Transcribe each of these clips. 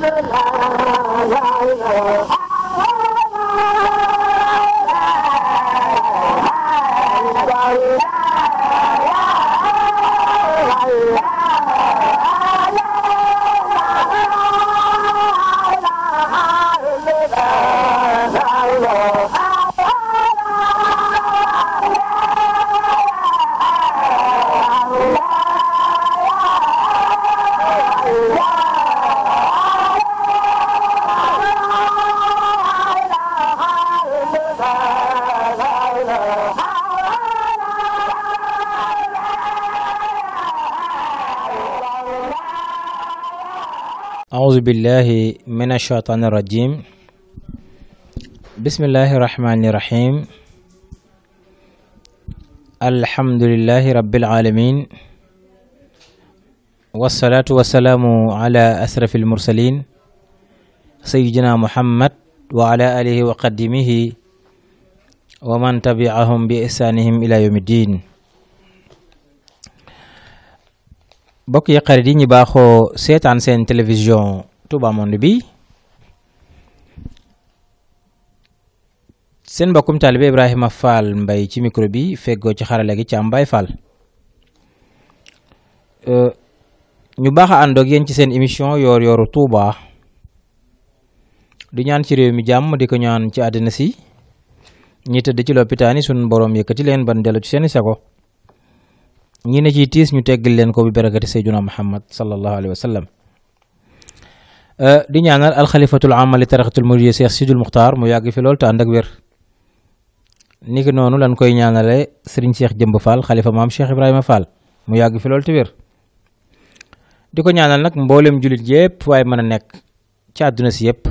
la la la la أعوذ بالله من الشيطان الرجيم بسم الله الرحمن الرحيم الحمد لله رب العالمين والصلاة والسلام على أسرف المرسلين سيدنا محمد وعلى آله وقدمه ومن تبعهم بإحسانهم إلى يوم الدين bokk yi xarit yi ñu baaxoo seetaan seen télévision Touba Monde bi seen mbokkum taalibe Ibrahima Fall mbay ci micro bi feggoo ci xarale gi ci Mbaye Fall euh, ñu baax a àndoog yéen ci seen émission yoor yooru Touba di ñaan ci réew mi jàmm di ko ñaan ci àddina si ñi tëdd ci lopitaan yi sunu borom yëkkati leen ban dellu ci seeni sago ñi ne ciy tiis ñu teggal leen ko bi barakati Seydina Muhammad sallallahu alayhi wa sallam Euh, di ñaanal alxalifatul amali tarixatul muridiya Cheikh Sidul Muxtaar mu yàgg fi loolu te ànd ak wér niki noonu lan koy ñaanale sëriñ Cheikh Jëmb Fall xalifa maam Cheikh Ibrahima Fall mu yàgg fi loolu te wér di ko ñaanal nag mboolem jullit yépp waaye mën a nekk ci àdduna si yépp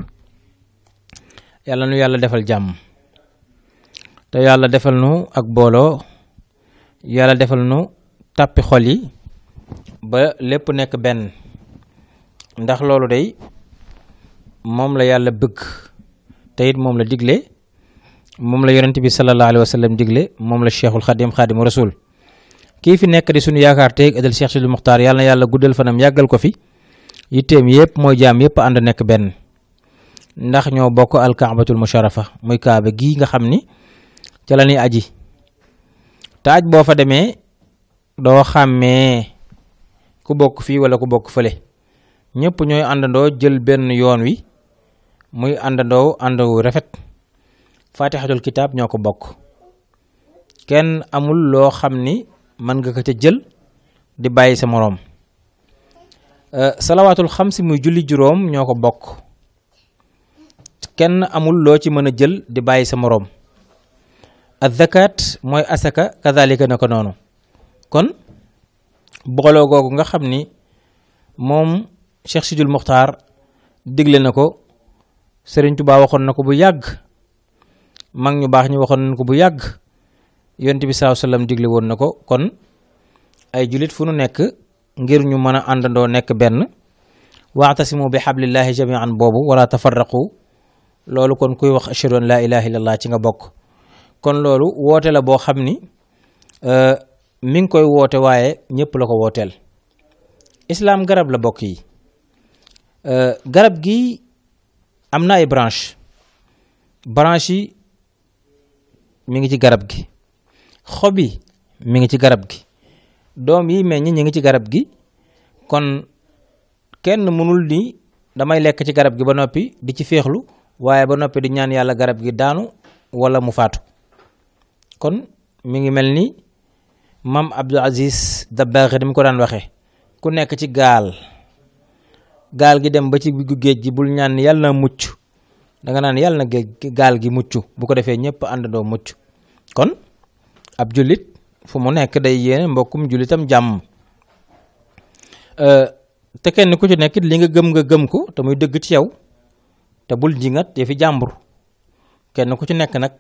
yàlla nu yàlla defal jàmm te yàlla defal nu ak booloo yàlla defal nu tàppi xol yi ba lépp nekk benn ndax loolu day moom la yàlla bëgg te moom la digle moom la yonent bi sallallahu alayhi wa digle moom la cheikhul xadim xaadimu rasul kii fi nekk di suñu yaakaar teeg adal cheikh Sidil Muxtaar yàlla na yàlla guddal fanam yàggal ko fi yitteem yëpp mooy jaam yëpp ànd nekk benn ndax ñoo bokk alkaabatul musharafa muy kaaba gii nga xam ni ca la ñuy aji boo fa demee doo xàmmee ku bokk fii wala ku bokk fële ñëpp ñooy àndandoo jël benn yoon wi muy àndandoo ànd wu rafet faatixatul kitaab ñoo ko bokk kenn amul loo xam ni mën nga ko ca jël di bàyyi sa moroom euh, salawaatul xamsi muy julli juróom ko bokk kenn amul loo ci mën a jël di bàyyi sa moroom azakaat mooy asaka kazalika na ko noonu kon booloo googu nga xam ni moom Cheikh Sidul Muxtaar digle na ko sëriñ Tuubaa waxoon na ko bu yàgg mag ñu baax ñu waxoon nañ ko bu yàgg yonent bi sallallaahu alayhi digle woon na ko kon ay julit fu nu nekk ngir ñu mën a àndandoo nekk benn si waxtasimu bi xablillahi an boobu wala tafarraqu loolu kon kuy wax ashhadu an laa ilaaha illallah ci nga bokk kon loolu woote la boo xam ni euh, mi ngi koy woote waaye ñëpp la ko wooteel islaam garab la bokk yi euh, am na ay branche branche yi mu ngi ci garab gi xobi yi mi ngi ci garab gi doom yi meññ ñi ngi ci garab gi kon kenn mënul ni damay lekk ci garab gi ba noppi di ci féexlu waaye ba noppi di ñaan yàlla garab gi daanu wala mu faatu kon mu ngi mel ni maam Abdou Aziz Dabakh ni mu ko daan waxee ku nekk ci gaal gaal gi dem ba ci diggu géej gi bul ñaan yàlla na mucc da naan yàlla na géej gaal gi mucc bu ko defee ñëpp àndandoo mucc kon ab jullit fu mu nekk day yéene mbokkum jullitam jàmm euh, te kenn ku ci nekkit li nga gëm nga gëm ko te muy dëgg ci yow te bul jingat yëfi jàmbur kenn ku ci nekk nag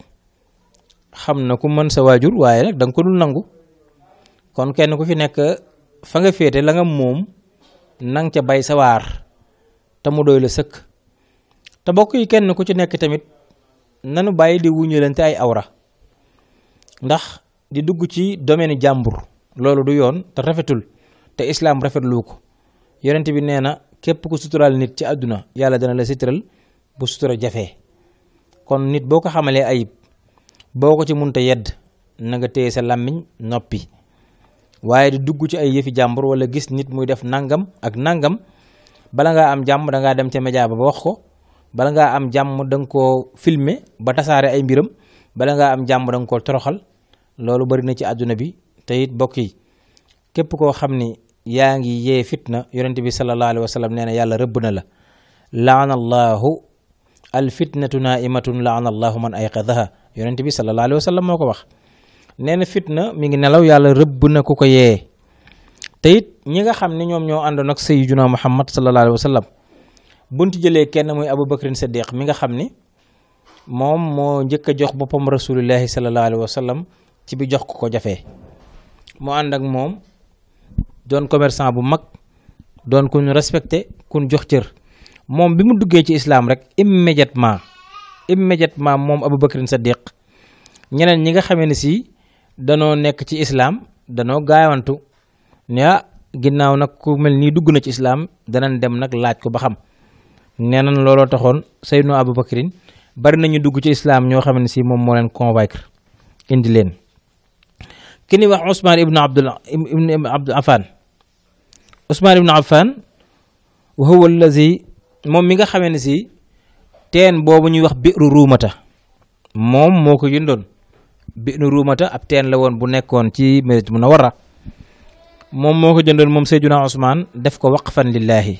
xam na ku mën sa waajur waaye nag da ko dul nangu kon kenn ku ci nekk fa nga féete la nga moom. nang ca bay sawar te mu doy la sëkk te bokk yi kenn ku ci nekk tamit nanu bàyyi di wuññalante ay awra ndax di dugg ci domaine jàmbur loolu du yoon te rafetul te islaam rafetlu ko yonent bi nee na képp ku suturaal nit ci àdduna yàlla dana la sitral bu sutura jafe kon nit boo ko xamalee ayib boo ko ci munta yedd na nga téye sa làmmiñ noppi waaye di dugg ci ay yëfi jàmbur wala gis nit muy def nangam ak nangam bala ngaa am jàmm da ngaa dem ca média ba ba wax ko bala ngaa am jàmm da nga koo filmer ba tasaare ay mbiram bala nga am jàmm da nga koo toroxal loolu bari na ci àdduna bi te it bokk yi képp koo xam ni yaa ngi yee fitna yonente bi sallallahu alayhi wa nee na yàlla rëbb na la laana allahu al fitnatu naimatun laana allahu man ayqadaha yonente bi sallallahu alayhi wa sallam moo ko wax nee na fitna mi ngi nelaw yàlla rëbb na ku ko yee te it ñi nga xam ne ñoom ñoo àndoon ak sayyiduna muhammad sallallahu alayhi wa sallam bunt jëlee kenn muy abu bakrin siddiq mi nga xam ni moom moo njëkk a jox boppam rasulillahi sallallahu alayhi wa sallam ci bi jox ko ko jafee mu ànd ak moom doon commerçant bu mag doon ku ñu respecté ku jox cër moom bi mu duggee ci islaam rek immédiatement immédiatement moom Abu Bakrin Saddiq ñeneen ñi nga xamee ne si danoo nekk ci islaam danoo gaawantu ne ah, ginnaaw nag ku mel nii dugg na ci islaam danañ dem nag laaj ko ba xam nee looloo taxoon Seydina Abu Bakrin bari nañu dugg ci islaam ñoo xam ne si moom moo leen convaincre indi leen ki ni wax Ousmane ibnu Abdul ibnu Abdul Affan ibnu Affan wa huwa allazi moom mi nga xamee ne si teen boobu ñuy wax biiru ruumata moom moo ko jëndoon bi'nu ruumata ab teen la woon bu nekkoon ci Madinatul Munawwara moom moo ko jëndoon moom Seydina Ousmane def ko waqfan lillaahi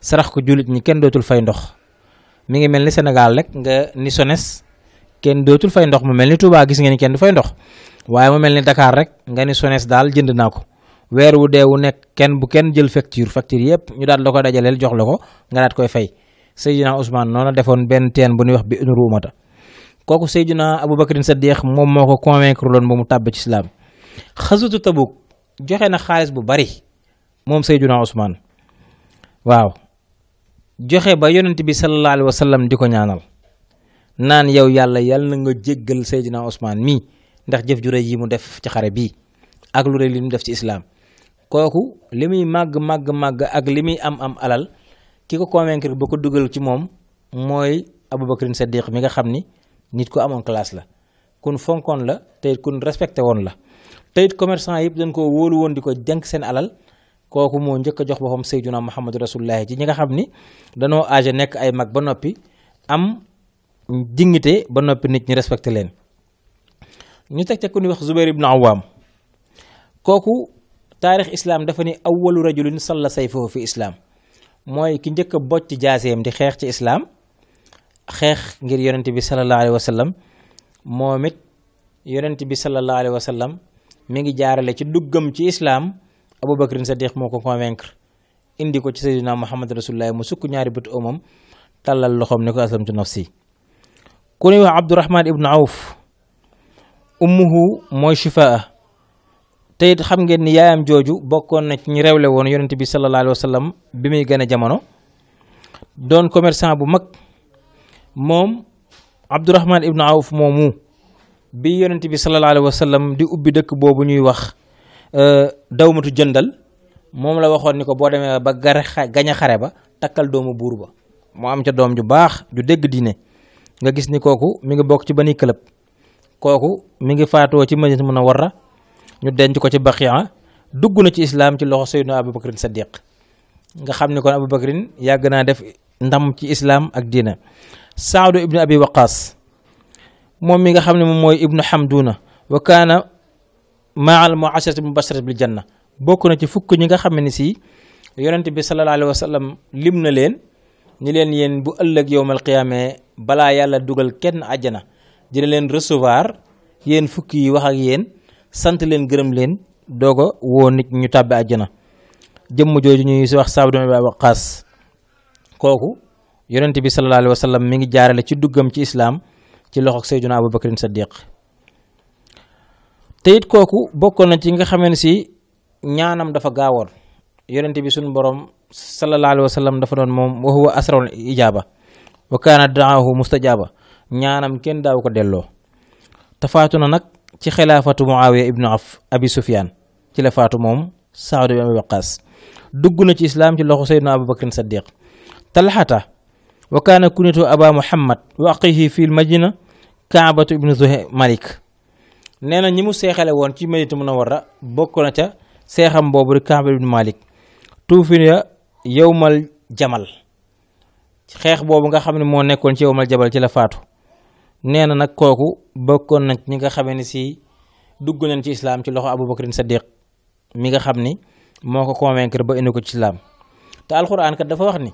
sarax ko jullit ñi kenn dootul fay ndox mu ngi mel ni Sénégal rek nga ni Sones kenn dootul fay ndox mu mel ni Touba gis ngeen kenn du fay ndox waaye mu mel ni dakaar rek nga ni Sones daal jënd naa ko weer wu dee wu nekk kenn bu kenn jël facture facture yëpp ñu daal la ko dajaleel jox la ko nga daat koy fay Seydina Ousmane noonu defoon benn teen bu ñuy wax bi'nu ruumata kooku Seydina Aboubacar Saddiq moom moo ko convaincre loon ba mu tàbb ci islaam xasutu Tabuk joxe na xaalis bu bari moom Seydina Ousmane waaw joxe ba yonent bi sallallahu alayhi sallam di ko ñaanal naan yow yàlla yàlla na nga jéggal Seydina Ousmane mii ndax jëf ju rëy yi mu def ci xare bii ak lu rëy li mu def ci islaam kooku li muy màgg màgg màgg ak li muy am am alal ki ko convaincre ba ko dugal ci moom mooy Aboubacar Saddiq mi nga xam ni. nit ku amoon classe la kun fonkoon la te it kun respecté woon la te it commerçant yëpp dañ koo wóolu woon di ko jànk seen alal kooku moo njëkk jox jox boppam Seydina Muhammadu Rasulullahi ci ñi nga xam ni danoo âgé nekk ay mag ba noppi am dignité ba noppi nit ñi respecté leen. ñu teg te ku ñuy wax Zubair ibn Awam kooku taarix islam dafa ne awwalu rajulin salla sayfahu fi islaam mooy ki njëkk bocc jaaseem di xeex ci islaam xeex ngir yonent bi sallallahu alayhi wa sallam moom it yonent bi sallallahu alayhi wa sallam mi ngi jaarale ci duggam ci islaam Abubakrin Sadiq moo ko convaincre indi ko ci sayyidina Muhammad rasulullah mu sukk ñaari bët omam tàllal loxoom ni ko aslamtu nafsi ku ñuy wax Abdurahman ibn Awf ummuhu mooy shifaa te it xam ngeen ni yaayam jooju bokkoon na ci ñi rewle woon yonent bi sallallahu alayhi wa sallam bi muy gën a jamono doon commerçant bu mag moom abdurahman ibnu awf moomu bi yonent bi sallallahu alayhi wa sallam di ubbi dëkk boobu ñuy wax euh, dawmatu jëndal moom la waxoon ni ko boo demee ba gar gañ xare ba takkal doomu buur ba moo am ca doom ju baax ju dégg diine nga gis ni kooku mi ngi bokk ci bani këlëb kooku mu ngi faatoo ci Madina mën a warra ñu denc ko ci Baqiya dugg na ci islaam ci loxo Seydina Abu Bakrin Sadiq nga xam ni kon Abu Bakrin yàgg naa def ndam ci islaam ak diine saadu ibnu abi waqaas moom mi nga xam ne moom mooy ibnu hamduna wa kaana maa al muasharati mubasharat bil janna bokk na ci fukk ñi nga xam ne si yonent bi sallallahu alayhi wa sallam lim na leen ñi leen yéen bu ëllëg yowmal qiyaamee balaa yàlla dugal kenn àjjana dina leen resevoir yéen fukk yi wax ak yéen sant leen gërëm leen doog a woo nit ñu tàbbi àjjana jëmm jooju ñuy wax saadu ibnu abi waqaas kooku yonent bi sallallahu alayhi wa mi ngi jaarale ci duggam ci islaam ci loxoog sayduna abu bakrin saddiq te kooku bokkoon na ci nga xamee si ñaanam dafa gaawoon bi suñu borom sallallahu alayhi dafa doon moom wa huwa asrawul ijaaba wa kaana mustajaaba ñaanam kenn daaw ko delloo tafaatu na nag ci xilaafatu muawiya ibnu abi sufyaan ci la faatu moom saadu bi abi waqaas dugg na ci islaam ci loxo sayduna abu bakrin saddiq talxata wa kaana kunetu aba muhammad wa aqihi fi l madina kaabatu ibnu zuhe malik nee na ñi mu seexale woon ci madinatu munawwara bokk na ca seexam boobu di kaabatu ibnu malik tuufiya yowmal jamal xeex boobu nga xam ne moo nekkoon ci yowmal jabal ci la faatu nee na nag kooku bokkoon na ñi nga xamee ni si dugg nañ ci islaam ci loxo abubakrin saddiq mi nga xam ni moo ko convaincre ba indi ko ci islaam te alxuraan kat dafa wax ni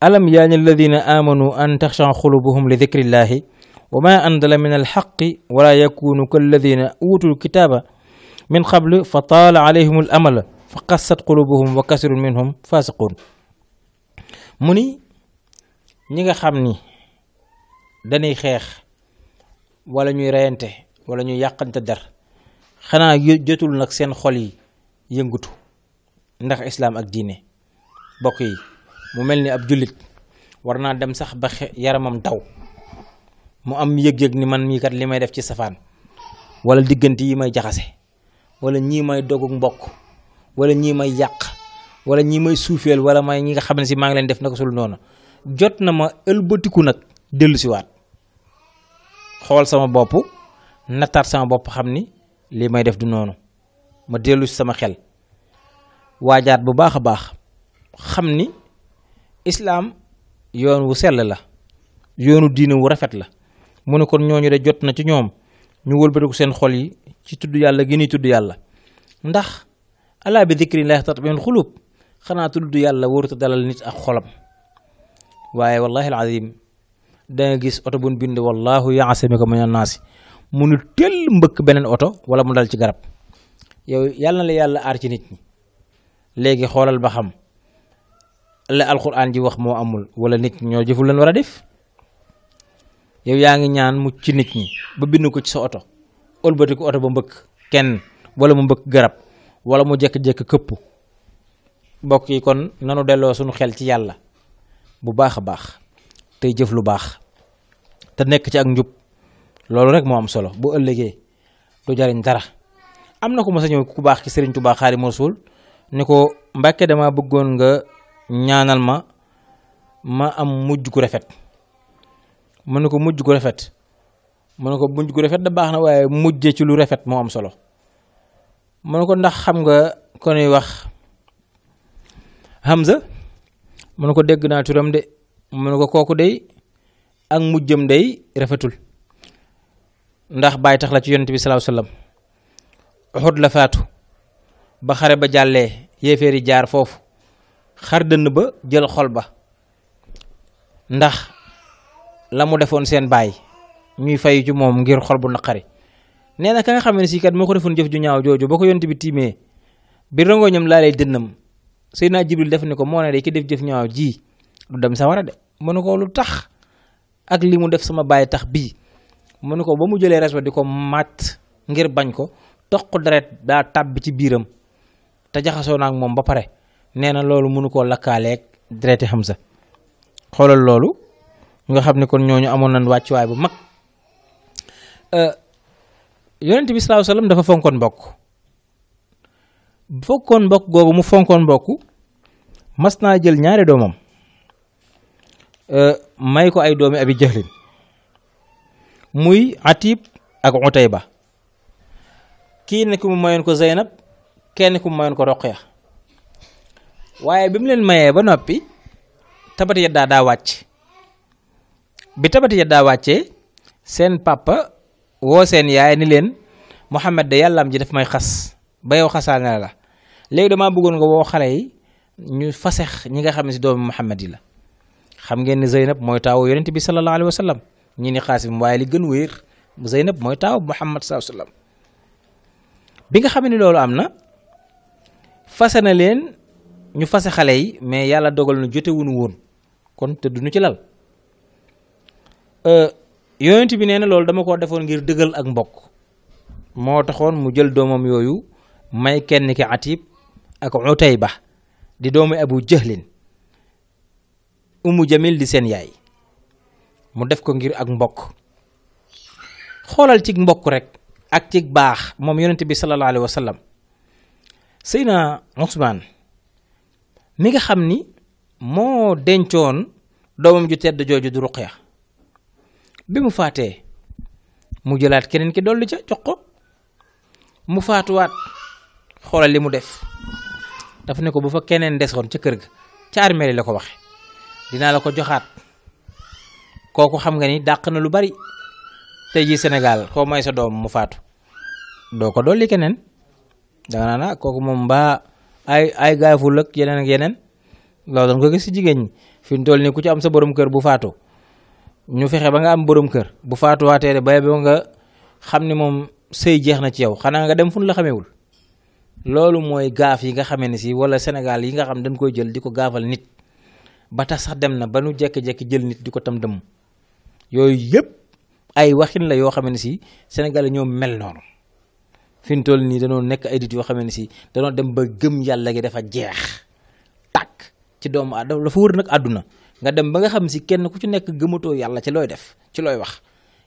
alam yaani alladina amanu an taxshan xulubuhum li dikrillahi wa ma andala min alxaqi wala yakunu kalladina utul kitaaba min qabl fa taala alayhim al amal fa qassat qulubuhum wa kasirun minhum fasiqun mu ni ñi nga xam ni dañuy xeex wala ñuy reyante wala ñuy yàqante der xanaa jotul nag seen xol yi yëngutu ndax islaam ak diine bokk yi mu mel ni ab jullit war naa dem sax ba yaramam daw mu am yëg-yëg ni man mii kat li may def ci safaan wala diggante yi may jaxase wala ñii may dogug mbokk wala ñii may yàq wala ñii may suufeel wala may ñi nga xam ne si maa ngi leen def naka sul noonu jot na ma ëlbatiku nag dellu siwaat xool sama bopp nattaat sama bopp xam ni lii may def du noonu ma dellu si sama xel waajaat bu baax a baax xam ni islaam yoon wu sell la yoonu diine wu rafet la mu ne kon ñooñu de jot na ci ñoom ñu wëlbatiku seen xol yi ci tudd yàlla gi ñuy tudd yàlla ndax alaa bi dikrillahi tatma'innul xulub xanaa tudd yàlla wóoruta dalal nit ak xolam waaye wallahi alazim danga gis oto bu ñu bind wallahu ya'simuka minan naas mu nu tëll mbëkk beneen oto wala mu dal ci garab yow yàlla na la yàlla aar ci nit ñi léegi xoolal ba xam la alxuraan ji wax moo amul wala nit ñoo jëful lan war a def yow yaa ngi ñaan mucc ci nit ñi ba bind ko ci sa oto ëlbati ko oto ba mbëkk kenn wala mu mbëkk garab wala mu jékki-jékki këpp mbokk yi kon nanu delloo suñu xel ci yàlla bu baax a baax tey jëf lu baax te nekk ci ak njub loolu rek moo am solo bu ëllëgee du jariñ dara am na ku ma sa ñëw ku baax ki Sëriñ Tuubaa Xaadimu Rasuul ni ko Mbàkke dama bëggoon nga ñaanal ma ma am mujj gu rafet ma ne ko mujj gu rafet ma ne ko mujj gu rafet da baax na waaye mujje ci lu rafet moo am solo ma ne ko ndax xam nga ko wax xam ma ne ko dégg naa turam de ma ne ko kooku dey ak mujjam day rafetul ndax baay tax la ci yonent bi salaahu sallam Uhud la faatu ba xare ba jàllee yéeféeri jaar foofu xar dënn ba jël xol ba ndax la mu defoon seen baay ñuy fay ci moom ngir xol bu naqari nee na ka nga xam ne si moo ko defoon jëf ju ñaaw jooju boo ko yonte bi tiimee bi rangoo ñoom laa lay dënnam Seydina Jibril def ni ko moo ne day ki def jëf ñaaw ji du dem sawara de mu ne ko lu tax ak li mu def sama baay tax bii mu ne ko ba mu jëlee res di ko màtt ngir bañ ko toq deret daa tàbbi ci biiram te jaxasoo ak moom ba pare nee na loolu mënu koo lakkaaleeg xam Hamza xoolal loolu nga xam ne kon ñooñu amoon nañ wàccuwaay bu mag euh, yonent bi salaahu salaam dafa fonkoon mbokk fonkoon mbokk googu mu fonkoon mbokk mas naa jël ñaari doomam euh, may ko ay doomi abi jahlin muy atib ak ba kii ne ku mu mayoon ko zeynab kenn ku mu mayoon ko roqya waaye bi mu leen mayee ba noppi tabati yaddaa daa wàcc bi tabati yaddaa wàccee seen papa woo seen yaay ni leen Muhammad de yàllaam ji daf may xas ba yow xasaa nga la léegi damaa bëggoon nga woo xale yi ñu fasex ñi nga xam ne si doomi Muhammad yi la xam ngeen ni Zeynab mooy taawu yonent bi sallallahu alayhi wa sallam ñi ni Xaasim waaye li gën wéer Zeynab mooy taawu Muhammad sallallahu alayhi bi nga xam ne loolu am na fase na leen ñu fase xale yi mais yàlla dogal na jotewuñu woon kon tëdduñu ci lal euh, yonent bi nee na loolu dama ko defoon ngir dëggal ak mbokk moo taxoon mu jël doomam yooyu may kenn ki atib ak utayba di doomu abu jahlin umu jamil di seen yaay mu def ko ngir ak mbokk xoolal ci mbokk rek ak ci baax moom yonent bi sallallahu alayhi wa sallam Usmaan mi nga xam ni moo dencoon doomam ju tedd jooju du ruqya bi mu faatee mu jëlaat keneen ki dolli ca jox ko mu faatuwaat xoolal li mu def daf ne ko bu fa keneen desoon ca kër ga ca armeel la ko waxe dinaa la ko joxaat kooku xam nga ni dàq na lu bari tey ji Sénégal koo may sa doom mu faatu doo ko dolli keneen danga naa ah, kooku moom mbaa ay ay gaaful ak yeneen ak yeneen loolu doon ko gis si jigéen ñi fi mu toll nii ku ci am sa borom kër bu faatu ñu fexe ba nga am borom kër bu faatuwaatee de bay ba nga xam ni moom sëy jeex na ci yow xanaa nga dem fu la xamewul loolu mooy gaaf yi nga xamee ne si wala Sénégal yi nga xam dañ koy jël di ko gaafal nit ba tax sax dem na ba nu jékki-jékki jël nit di ko tam dëmm yooyu yëpp ay waxin la yoo xam ne si Sénégal ñoom mel noonu. fi mu toll nii danoo nekk ay nit yoo si danoo dem ba gëm yàlla gi dafa jeex tàkk ci doomu aadama dafa wër nag àdduna nga dem ba nga xam si kenn ku ci nekk gëmatoo yàlla ci looy def ci looy wax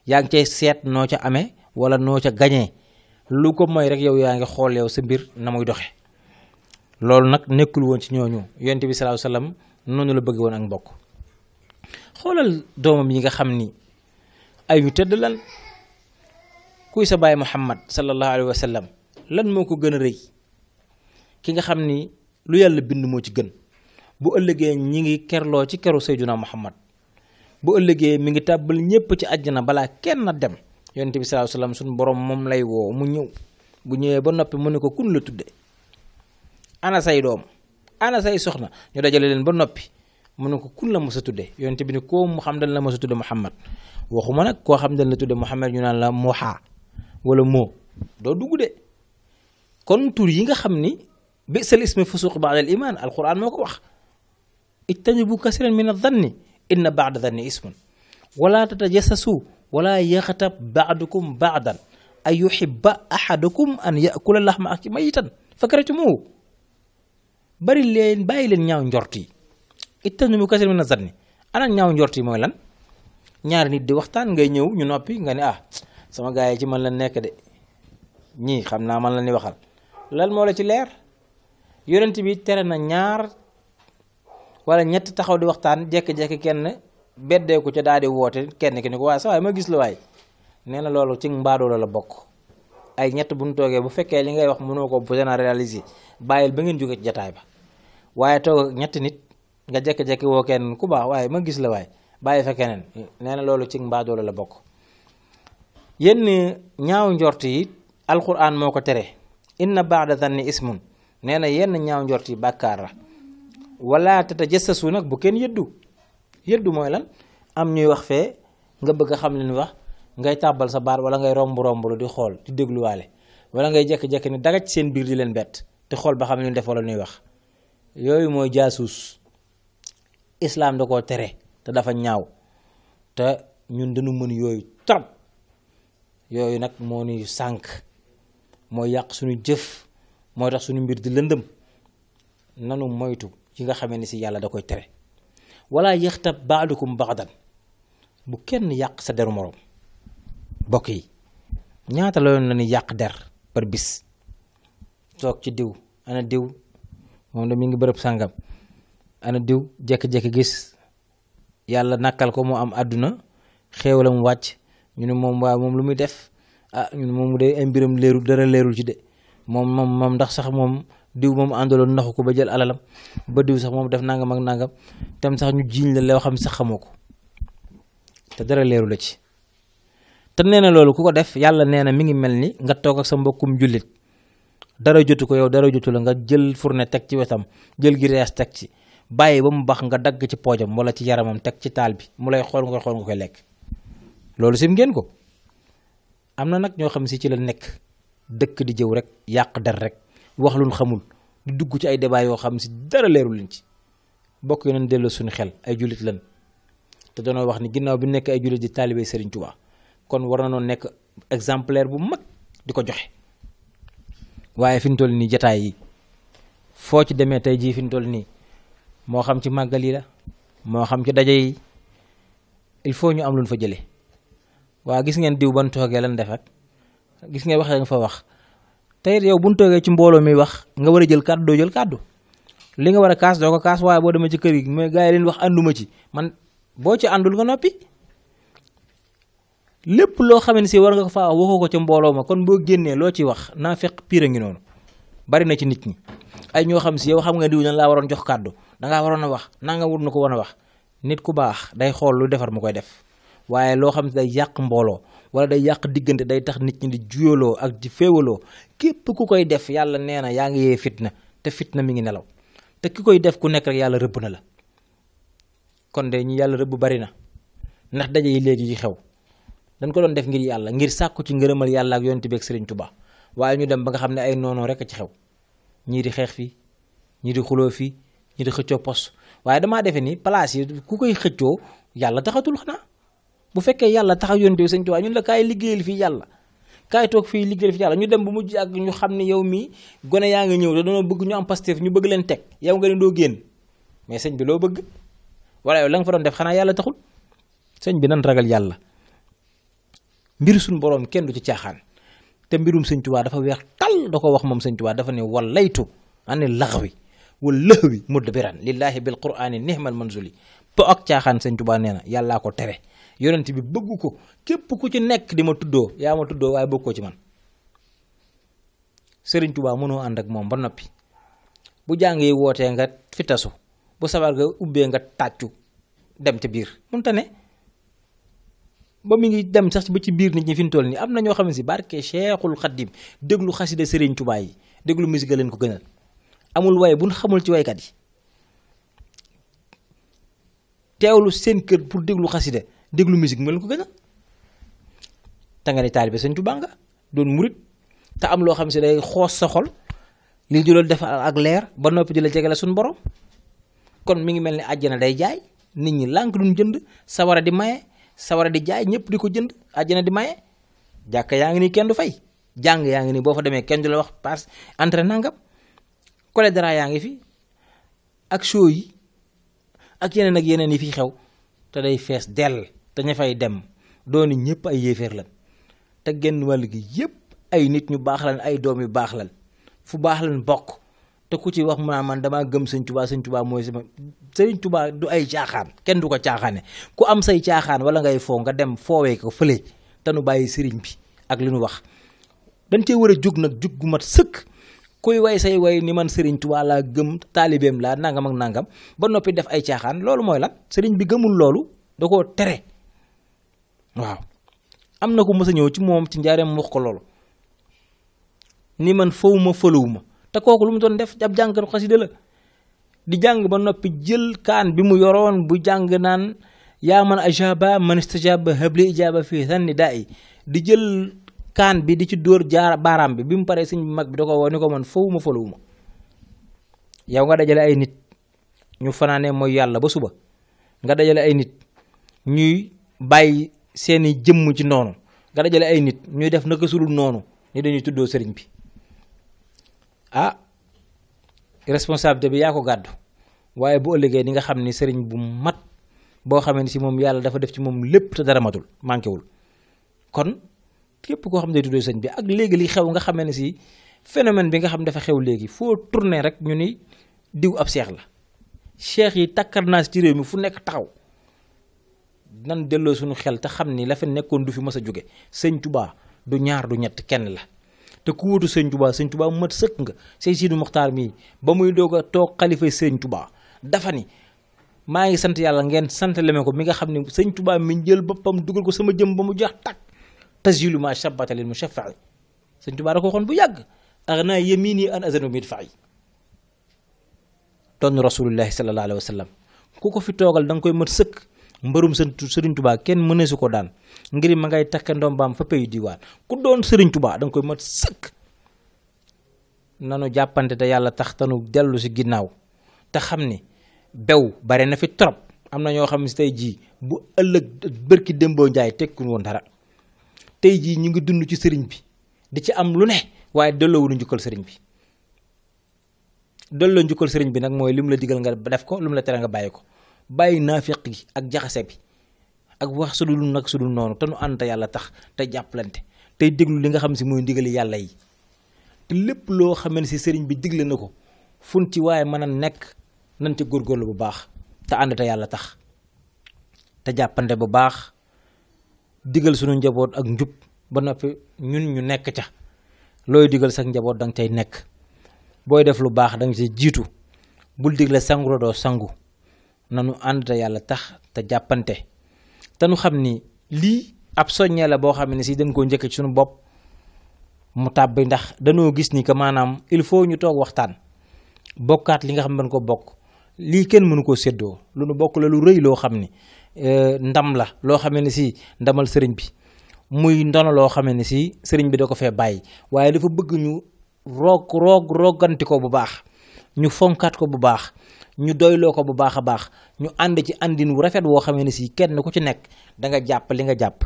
yaa ngi cay seet noo ca ame wala noo ca gañee lu ko moy rek yow yaa ngi xool yow sa mbir na muy doxe loolu nag nekkul woon ci ñooñu yonent bi sallallahu alayhi wasallam noonu la bëgg woon ak mbokk xoolal doomam yi nga xam ni ay ñu tëdd lan kuy sa baay Muhammad sallallahu alayhi wa sallam lan moo ko gën a rëy ki nga xam ni lu yàlla bind moo ci gën bu ëllëgee ñi ngi kerloo ci keru Seydina Muhammad bu ëllëgee mi ngi tàbbal ñépp ci àjjana balaa kenn dem yonent bi sallallahu alayhi wa suñu borom moom lay woo mu ñëw bu ñëwee ba noppi mu ne ko kun la tudde ana say doom ana say soxna ñu dajale leen ba noppi mu ne ko kun la mos a tudde yonent bi ne koo mu xam dañ la mos a tudde Muhammad waxuma nag koo xam dañ la tudde Muhammad ñu naan wala moo doo dugg de kon tur yi nga xam ni bi sal ismi fusuq baada al iman alquran moo ko wax ijtanibu kasiran min adanni inna baada danni ismun wala tatajassasu wala yaxtab baadukum baadan ay yuxiba ahadukum an yakula laxma ak mayitan fakaratumu bari leen bàyyi leen ñaaw njort yi ijtanibu kasiran min adanni ana ñaaw njort mooy lan ñaari nit di waxtaan ngay ñëw ñu noppi nga ne ah sama gars yi ci man la nekk de ñii xam naa man la ni waxal lan moo la ci leer yonent bi tere na ñaar walla ñett taxaw di waxtaan jékki-jékki kenn beddee ko ca daadi di woote kenn ki ne ko waaye sa waay ma gis la waay nee na loolu ci mbaadoo la la bokk ay ñett bu ñu toogee bu fekkee li ngay wax mënoo ko généraliser bàyyil ba ngeen jóge ci jataay ba waaye toog ak ñetti nit nga jékki jekk woo kenn ku baax waaye ma gis la waay bàyyi fa keneen nee na loolu ci mbaadoolo la bokk yenn ñaaw njort yi alquran moo ko tere inna baada zanni ismun nee na yenn ñaaw njort yi bàkkaar la wala sa jëssasu nag bu kenn yëddu yëddu mooy lan am ñuy wax fee nga bëgg a xam li ñu wax ngay tàbbal sa baat wala ngay romb romb lu di xool di dégluwaale wala ngay jékki-jékki ni daga ci seen biir di leen bett te xool ba xam li ñu def wala ñuy wax yooyu mooy jaasuus islaam da koo tere te dafa ñaaw te ñun dañu mën yooyu trop yooyu nag moo nuy sànq mooy yàq suñu jëf mooy tax suñu mbir di lëndëm nanu moytu yi nga xamee ni si yàlla da koy tere wala yaxtab baadukum baxdan bu kenn yàq sa deru moroom bokk yi ñaata la yoon la yàq der par bis toog ci diw ana diw moom da mi ngi bërëb sàngam ana diw jékki-jékki gis yàlla nakkal ko mu am àdduna la mu wàcc ñu ne moom waaye moom lu muy def ah ñu ne moom de ay mbiram leerul dara leerul ci de moom moom moom ndax sax moom diw moom àndaloon naxu ko ba jël alalam ba diw sax moom def nangam ak nangam tam sax ñu jiiñ la loo xam sax xamoo ko te dara leeru la ci te nee na loolu ku ko def yàlla nee na mi ngi mel ni nga toog ak sa mbokkum jullit dara jotu ko yow dara jotu la nga jël fourne teg ci wetam jël gi teg ci bàyyi ba mu bax nga dagg ci poojam wala ci yaramam teg ci taal bi mu lay xool nga koy xool nga koy lekk loolu sim ngeen ko am na nag ñoo xam si ci la nekk dëkk di jëw rek yàq der rek wax lu xamul di dugg ci ay débat yoo xam si dara leeru lañ ci bokk yi nañ delloo suñu xel ay jullit lan te doonoo wax ni ginnaaw bi nekk ay jullit di taalibe sëriñ Touba kon war na noon nekk exemplaire bu mag di ko joxe waaye fi ñu toll nii jataay yi foo ci demee tey jii fi ñu toll nii moo xam ci màggal yi la moo xam ci daje yi il faut ñu am lu luñ fa jële waa gis ngeen diw ban toogee lan def ak gis ngeen wax nga fa wax tey yow buñ toogee ci mbooloo mi wax nga war a jël kàddu doo jël kàddu li nga war a kaas doo ko kaas waaye boo demee ci kër gi mooy gars yi leen wax ànduma ci man boo ci àndul nga noppi lépp loo xam ne si war nga ko faa waxoo ko ca mbooloo ma kon boo génnee loo ci wax naa fekk pire ngi noonu bari na ci nit ñi ay ñoo xam si yow xam nga diw nan laa waroon jox kàddu da ngaa waroon a wax nanga wut na ko woon a wax nit ku baax day xool lu defar mu koy def waaye loo xam ne day yàq mbooloo wala day yàq diggante day tax nit ñi di juyaloo ak di féewaloo képp ku koy def yàlla nee na yaa ngi yee fitna te fitna mi ngi nelaw te koy def ku nekk yàlla rëbb na la kon de ñu yàlla rëbb bari na ndax daje yi léegi yi xew dañ ko doon def ngir yàlla ngir sàkku ci ngërëmal yàlla ak yonent bi ak Sëriñ Tuubaa waaye ñu dem ba nga xam ne ay noonoo rek ci xew ñii di xeex fii ñii di xuloo fii ñi di xëccoo poste waaye damaa defe ni place ku koy xëccoo yàlla taxatul xanaa bu fekkee yàlla taxa yónte bi sëñ Tuubaa ñun la kaay liggéeyal fii yàlla kaay toog fii liggéeyal fii yàlla ñu dem bu mujj ak ñu xam ne yow mii gone yaa ngi ñëw te dañoo bëgg ñu am Pastef ñu bëgg leen teg yow nga ne doo génn mais sëñ bi loo bëgg walla yow la fa doon def xanaa yàlla taxul sëñ bi nan ragal yàlla mbir suñu boroom kenn du ci caaxaan te mbirum sëñ Tuubaa dafa weex tal da ko wax moom sëñ Tuubaa dafa ne wallaytu ani wi wal lëhwi mudbiran lillahi bil qur'ani nihmal manzuli po ak caaxaan sëñ Tuubaa nee na yàllaa ko tere yonent bi bëgg ko képp ku ci nekk di ma tuddoo yaa ma tuddoo waaye bokkoo ci man sëriñ Tuubaa mënoo ànd ak moom ba noppi bu jàngee wootee nga fitasu bu sabar ga ubbee nga tàccu dem ca biir mënta ne ba mu ngi dem sax ba ci biir nit ñi fi mu toll nii am na ñoo xam ne si barke Cheikhul Khadim déglu xasida sëriñ Tuubaa yi déglu musique leen ko gënal amul waaye buñ xamul ci waykat yi teewlu seen kër pour déglu xasida déglu mu musique mel ko gën a te nga ne taalibe Sëñ Tuubaa doon murit te am loo xam si day xoos sa xol li di loolu ak leer ba noppi di la jegale suñu borom kon mi ngi mel ni àjjana day jaay nit ñi lànk duñ jënd sawara di maye sawara di jaay ñëpp di ko jënd àjjana di maye jàkka yaa ngi nii kenn du fay jàng yaa ngi nii boo fa demee kenn du la wax parce entré nangam cole dara yaa ngi fi ak show yi ak yeneen ak yeneen yi fi xew te day fees dell te ña fay dem dooni ñëpp ay yéeféer lan te genn wàll gi yëpp ay nit ñu baax lan ay doom yu baax lan fu baax lan mbokk te ku ci wax mu naa man damaa gëm sëntubaa tubaa sëñ tubaa mooy sama sëñ tubaa du ay caaxaan kenn du ko caaxaane ku am say caaxaan wala ngay foo nga dem foowee ko fële te nu bàyyi sëriñ bi ak li nu wax dañ cee war a jug nag jug gu mat sëkk kuy way say way ni man Serigne Touba laa gëm taalibeem laa nangam ak nangam ba noppi def ay caaxaan loolu mooy lan sëriñ bi gëmul loolu da koo tere waaw am na ko mës ñëw ci moom ci njaareem wax ko loolu ni man fëw ma te kooku lu mu doon def ab jàngkat xasida la di jàng ba noppi jël kaan bi mu yoroon bu jàng naan yaa man ajaba man istajaba habli ijaba fii sanni daa yi di jël kaan bi di ci dóor jaar baaraam bi bi mu paree sëñ bu mag bi da ko woo ni ko man fawuma falawuma yow nga dajale ay nit ñu fanaanee mooy yàlla ba suba nga dajale ay nit ñuy bàyyi seeni jëmm ci noonu nga dajale ay nit ñuy def naka sulul noonu ni dañuy tuddoo sëriñ bi ah responsabilité bi yaa ko gàddu waaye bu ëllëgee di nga xam ni sëriñ bu mat boo xamee ni si moom yàlla dafa def ci moom lépp te dara matul manqué wul kon képp koo xam ne tuddoo sëñ bi ak léegi li xew nga xamee ne si phénomène bi nga xam dafa xew léegi foo tourné rek ñu ni diw ab seex la seex yi takkar naa ci réew mi fu nekk taxaw nan delloo suñu xel te xam ni la fa nekkoon du fi mës a jóge sëñ tubaa du ñaar du ñett kenn la te ku wóotu sëñ tubaa sëñ tubaa mat sëkk nga say siinu muxtaar mii ba muy doog a toog xalifa sëñ tubaa dafa ni maa ngi sant yàlla ngeen sant leme ko mi nga xam ne sëñ tubaa mi tazilu ma shabata lil mushaffa'i sëñ Tuubaa ko waxoon bu yàgg aghnaa yamini an azanu midfa'i doon rasulullahi sallallahu alayhi wa sallam ku ko fi toogal da nga koy mën sëkk mbërum sëriñ tubaa kenn mëneesu ko daan ngir ma ngay takk ndombaam fa peyu diwaan ku doon sëriñ Tuubaa da nga koy mën sëkk nanu jàppante te yàlla tax tanu dellu si ginnaaw te xam ni bew bare na fi trop am na ñoo xam ne si tey jii bu ëllëg bërki démboo njaay tekkuñ woon dara tey jii ñu ngi dund ci sëriñ bi di ci am lu ne waaye delloowuñu njukkal sëriñ bi delloo njukkal sëriñ bi nag mooy li mu la digal nga def ko lu mu la tere nga bàyyi ko bàyyi naafiq gi ak jaxase bi ak wax su dul nag su dul noonu te nu yàlla tax te jàppalante tey déglu li nga xam si mooy ndigali yàlla yi lépp loo xam si sëriñ bi digle na ko fun ci waaye mën a nekk nañ ci bu baax te ànd te yàlla tax te jàppante bu baax. digal suñu njaboot ak njub ba noppi ñun ñu nekk ca looy digal sax njaboot danga cay nekk booy def lu baax danga nga ciy jiitu bul digle sanguro doo sangu nanu ànd te yàlla tax te jàppante te nu xam ni lii ab soññee la boo xam ne si dañ ko njëkk ci suñu bopp mu tàbbi ndax danoo gis ni que maanaam il faut ñu toog waxtaan bokkaat li nga xam ne dañ ko bokk lii kenn mënu koo séddoo lu nu bokk la lu rëy loo xam ni Euh, ndam la loo xamee ne si ndamal sëriñ bi muy ndono loo xamee ne si sëriñ bi da ko fee bàyyi waaye dafa bëgg ñu roog roog rooganti ko bu baax ñu fonkat ko bu baax ñu doyloo ko bu baax a baax ñu ànd ci àndin wu rafet woo xamee ne si kenn ku ci nekk da nga jàpp li nga jàpp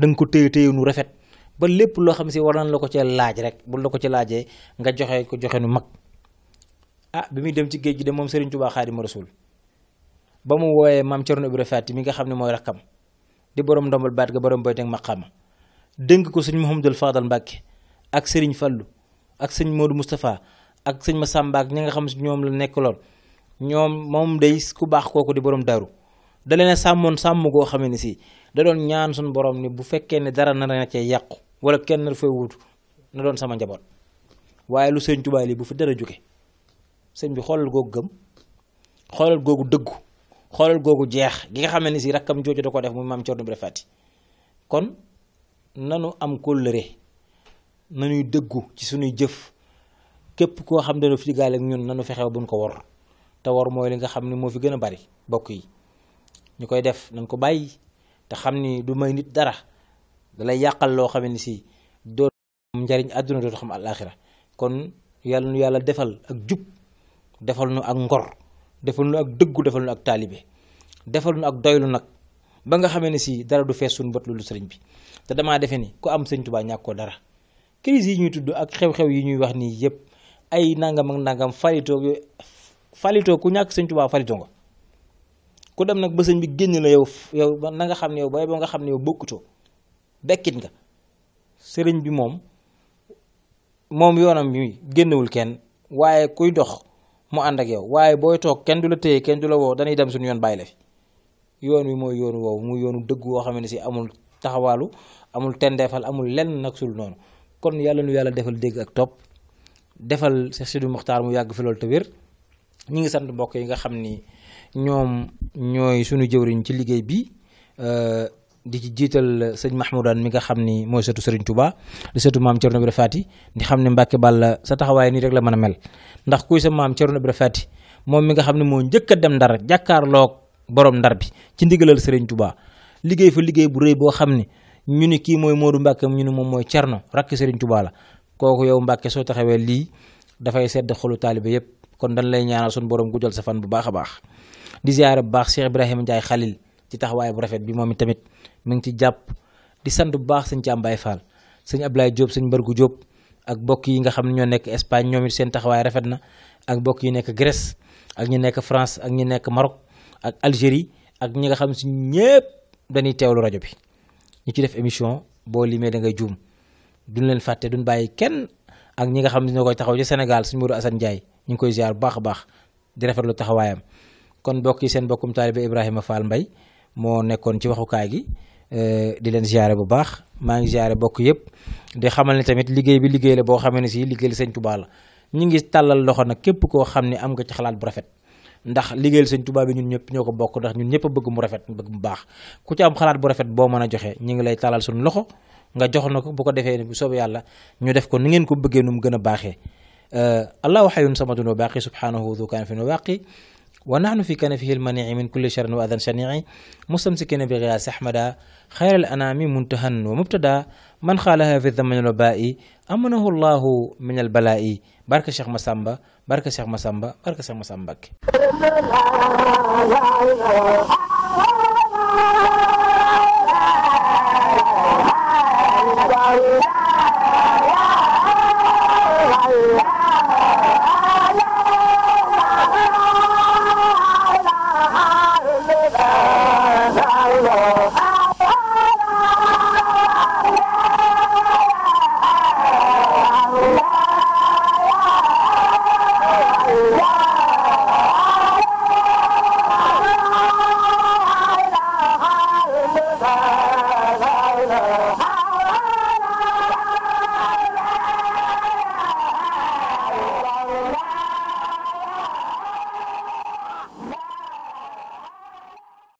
da ko téye téye nu rafet ba lépp loo xam si war nañ la ko ci laaj rek bu la ko ci laajee nga joxe ko joxe nu mag ah bi muy dem ci géej gi de moom Serigne Touba Xaadimu Rasuul ba mu wooyee maam Cerno Ibra Faati mi nga xam ne mooy rakkam di boroom ndombal baat ga borom boyteeg maqaama dénk ko sëñ Mouhamadul Fadal Mbàkke ak sëriñ Fallu ak sëñ Modou mustafa ak sëñ Massamba ak ñi nga xam si ñoom la nekk lool ñoom moom day ku baax kooku di borom daru da leen sàmmoon sàmm goo xam si da doon ñaan suñu boroom ni bu fekkee ne dara na na cee yàqu wala kenn nar fay wut na doon sama njaboot waaye lu sëñ Tuubaa lii bu fi dara jóge sëñ bi xoolal googu gëm xoolal googu dëggu xoolal googu jeex gi nga xam ne si rakkam jooju da ko def muy maam Thierno Biré Fati kon nanu am kóllëre nanuy dëggu ci sunuy jëf képp koo xam ne fi gaale ak ñun nanu fexe buñ ko wor te wor mooy li nga xam ne moo fi gën a bari bokk yi ñu koy def nañ ko bàyyi te xam ni du may nit dara dalay yàqal loo xam ne si doo njariñ àdduna dootu xam àllaaxira kon yàlla nu yàlla defal ak jub defal nu ak ngor defal nu ak dëggu defal nu ak taalibe defal nu ak doylu nag ba nga xamee ne si dara du fees suñu bët loolu sëriñ bi te damaa defe ni ku am sëñ Tuubaa ñàkkoo dara crise yi ñuy tudd ak xew-xew yi ñuy wax nii yëpp ay nangam ak nangam falitoo falitoo ku ñàkk sëñ Tuubaa falitoo nga ku dem nag ba sëñ bi génn la yow yow na nga xam ne yow ba nga xam ne yow bokkutoo bekkit nga sëriñ bi moom moom yoonam bi génnewul kenn waaye kuy dox mu ànd ak yow waaye booy toog kenn du la téye kenn du la woo danay dem suñu yoon bàyyi fi yoon wi mooy yoon woowu mu yoonu dëgg woo xam ni si amul taxawaalu amul tendeefal amul lenn nag sul noonu kon yàlla nu yàlla defal dégg ak topp defal Cheikh Sidou Mokhtar mu yàgg fi loolu te wér ñi ngi sant mbokk yi nga xam ni ñoom ñooy suñu jëwriñ ci liggéey bi euh, di ci jiital sëñ Mahmoudane mi nga xam ni mooy sëtu Serigne Touba di sëtu maam Thierno Ibrahima Fati di xam ne Mbacke Balla sa taxawaay nii rek la mën a sa maam Thierno Ibrahima Fati moom mi bi bu boo xam ne ñu ni kii mooy Modou Mbacke ñu ni moom mooy Thierno rakk Serigne Touba la kooku yow Mbacke soo taxawee lii dafay sedd xolu taalibe yëpp kon dañ lay ñaanal suñu borom guddal sa fan bu baax a baax di ziare bu baax Cheikh Ibrahima Ndiaye Khalil ci taxawaay bu rafet bi moom tamit mi ngi ci jàpp di sant bu baax sëñ Thiam Baye Fall sëñ Ablaye Diop sëñ Mbargu jóob ak mbokk yi nga xam ne ñoo nekk Espagne ñoom it seen taxawaay rafet na ak bokk yi nekk Grèce ak ñi nekk France ak ñi nekk Maroc ak Algérie ak ñi nga xam si ñëpp dañuy teewlu rajo bi ñu ci def émission boo limee da ngay juum duñ leen fàtte duñ bàyyi kenn ak ñi nga xam ne ñoo koy taxaw ci Sénégal suñu Modou Assane Ndiaye ñu ngi koy ziar bu baax a baax di rafet lu taxawaayam kon mbokk yi seen mbokkum taalibe Ibrahima Fall mbay moo nekkoon ci waxukaay gi Eh, di leen ziare bu baax maa ngi ziare bokk yëpp di xamal ne tamit liggéey bi liggéey la boo xamee ne si liggéeyal sëñ Touba la ñu ngi tàllal loxo nag képp koo xam ne am nga ci xalaat bu rafet ndax liggéeyal sëñ Touba bi ñun ñëpp ñoo ko bokk ndax ñun ñëpp a bëgg mu rafet bëgg mu baax ku ci am xalaat bu rafet boo mën a joxe ñu ngi lay tàllal suñu loxo nga jox na ko bu ko defee bu soob yàlla ñu def ko ni ngeen ko bëggee nu mu gën a baaxee eh, allahu xayun samadun wa baaqi subhanahu du kaan fi nu waaqi ونحن في كنفه المنيع من كل شر وأذى شنيع مستمسكين بغياس أحمد خير الأنام منتهى ومبتدى من خالها في الذم الوباء أمنه الله من البلاء بارك الشيخ مسامبا بارك الشيخ مسامبا بارك الشيخ مسامبك